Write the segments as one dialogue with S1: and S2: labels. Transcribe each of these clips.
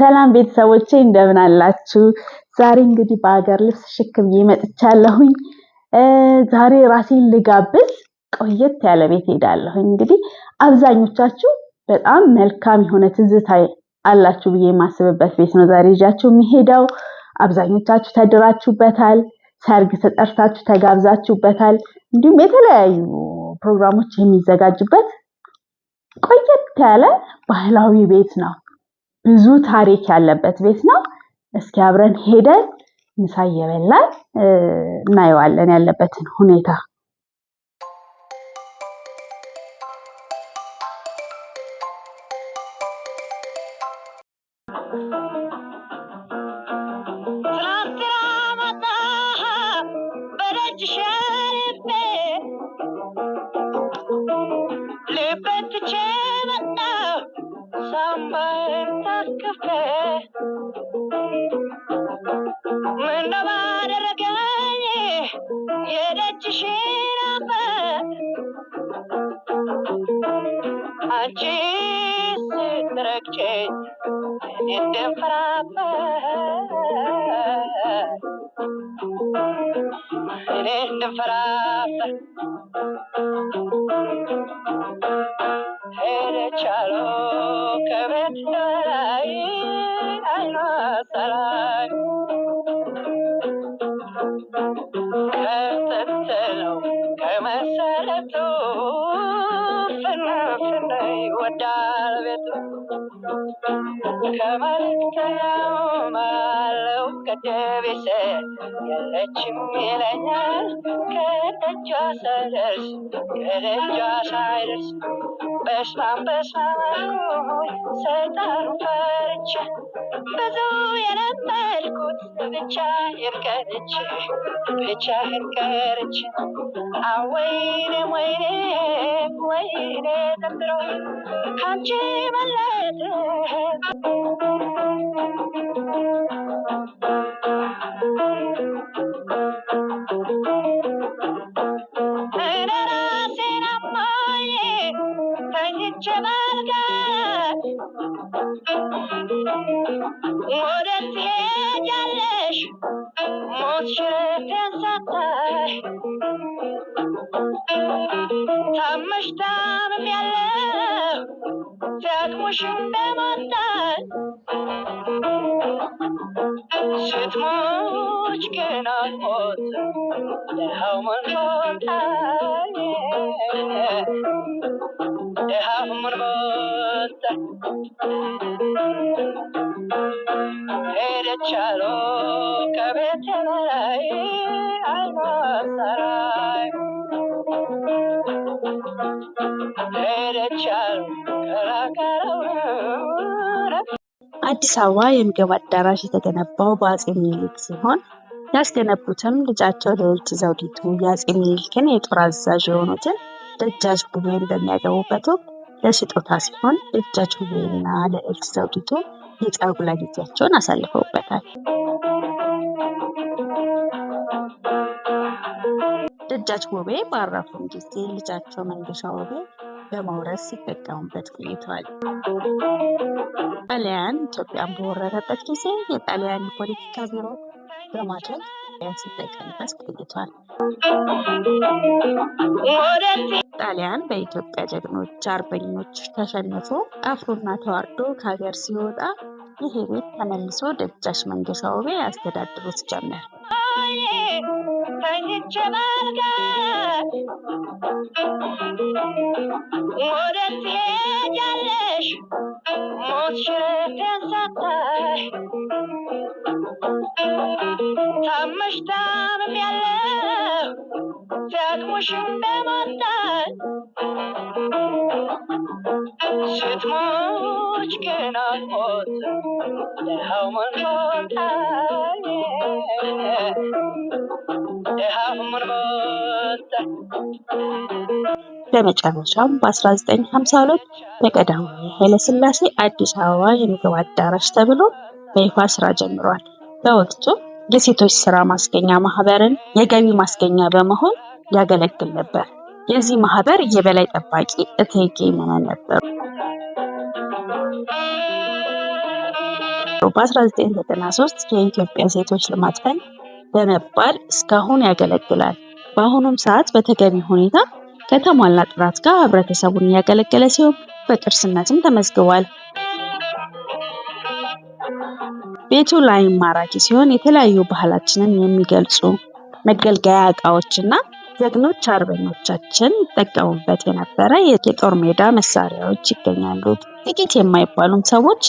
S1: ሰላም ቤተሰቦቼ እንደምን አላችሁ? ዛሬ እንግዲህ በሀገር ልብስ ሽክ ብዬ መጥቻለሁኝ። ዛሬ ራሴን ልጋብዝ ቆየት ያለ ቤት ሄዳለሁኝ። እንግዲህ አብዛኞቻችሁ በጣም መልካም የሆነ ትዝታ አላችሁ ብዬ የማስብበት ቤት ነው ዛሬ ይዣችሁ የሚሄደው። አብዛኞቻችሁ ተድራችሁበታል፣ ሰርግ ተጠርታችሁ ተጋብዛችሁበታል። እንዲሁም የተለያዩ ፕሮግራሞች የሚዘጋጁበት ቆየት ያለ ባህላዊ ቤት ነው። ብዙ ታሪክ ያለበት ቤት ነው። እስኪ አብረን ሄደን ምሳ እየበላን እናየዋለን ያለበትን ሁኔታ። አንቺ ሄደቻለሁ ከቤት ላይ አይኗ ሰላይ ከመሰረቱ ይወዳል ቤቱ ከመልከያው ማለው ከደቤሰ የለችም ይለኛል ከደጇ ሳይደርስ ከደጇ ሳይደርስ
S2: በስማም በስማም አልኩኝ ፈርቼ ብዙ የነ ብቻዬን ቀርቼ ብቻዬን ቀርቼ ወይኔ ወይኔ ወይኔ ዘንድሮ ካንቺ በለጠ Thank you. ውሽም በማንዳል ስትሞች ግን አልሞት ደሃው መንቆንታል ደሃው መንቆንታል ሄደች ከቤት ላይ አልማሰራይ ሄደች አሉ አዲስ አበባ የምግብ አዳራሽ የተገነባው በአፄ ምኒልክ ሲሆን ያስገነቡትም ልጃቸው ልዕልት ዘውዲቱ የአፄ ምኒልክን የጦር አዛዥ የሆኑትን ደጃች ቡሄን በሚያገቡበት ወቅት ለስጦታ ሲሆን ደጃች ቡሄና ልዕልት ዘውዲቱ የጫጉላ ጊዜያቸውን አሳልፈውበታል። ደጃች ውቤ ባረፉም ጊዜ ልጃቸው መንገሻ ውቤ በማውረስ ሲጠቀሙበት ቆይቷል። ጣሊያን ኢትዮጵያን በወረረበት ጊዜ የጣሊያን የፖለቲካ ቢሮ በማድረግ ጣሊያን ሲጠቀምበት ቆይቷል። ጣሊያን በኢትዮጵያ ጀግኖች አርበኞች ተሸንፎ አፍሮና ተዋርዶ ከሀገር ሲወጣ ይሄ ቤት ተመልሶ ደጃሽ መንገሻ ውቤ ያስተዳድሩት ጀመር። ሆይ ተኝቼ ማልቀስ ወዴት ትሄጃለሽ? ሞት ሽትን ሰጠሽ። ታመሽ ታምሜያለሁ ደክሞሽ እንደመጣሽ ስትሞች ግን አልሞትም ደኸው መንቆጣይ በመጨረሻም በ1952 በቀዳማዊ ኃይለሥላሴ አዲስ አበባ የምግብ አዳራሽ ተብሎ በይፋ ስራ ጀምሯል። በወቅቱ የሴቶች ስራ ማስገኛ ማህበርን የገቢ ማስገኛ በመሆን ያገለግል ነበር። የዚህ ማህበር የበላይ ጠባቂ እቴጌ መነን ነበሩ። በ1993 የኢትዮጵያ ሴቶች ልማት ፈንድ በመባል እስካሁን ያገለግላል። በአሁኑም ሰዓት በተገቢ ሁኔታ ከተሟላ ጥራት ጋር ህብረተሰቡን እያገለገለ ሲሆን በቅርስነትም ተመዝግቧል። ቤቱ ላይም ማራኪ ሲሆን የተለያዩ ባህላችንን የሚገልጹ መገልገያ እቃዎችና ዘግኖች አርበኞቻችን ይጠቀሙበት የነበረ የጦር ሜዳ መሳሪያዎች ይገኛሉ። ጥቂት የማይባሉም ሰዎች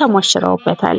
S2: ተሞሽረውበታል።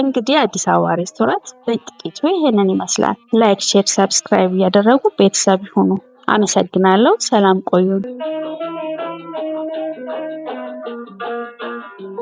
S2: እንግዲህ አዲስ አበባ ሬስቶራንት በጥቂቱ ይሄንን ይመስላል። ላይክ፣ ሼር፣ ሰብስክራይብ እያደረጉ ቤተሰብ ይሁኑ። አመሰግናለሁ። ሰላም ቆዩ።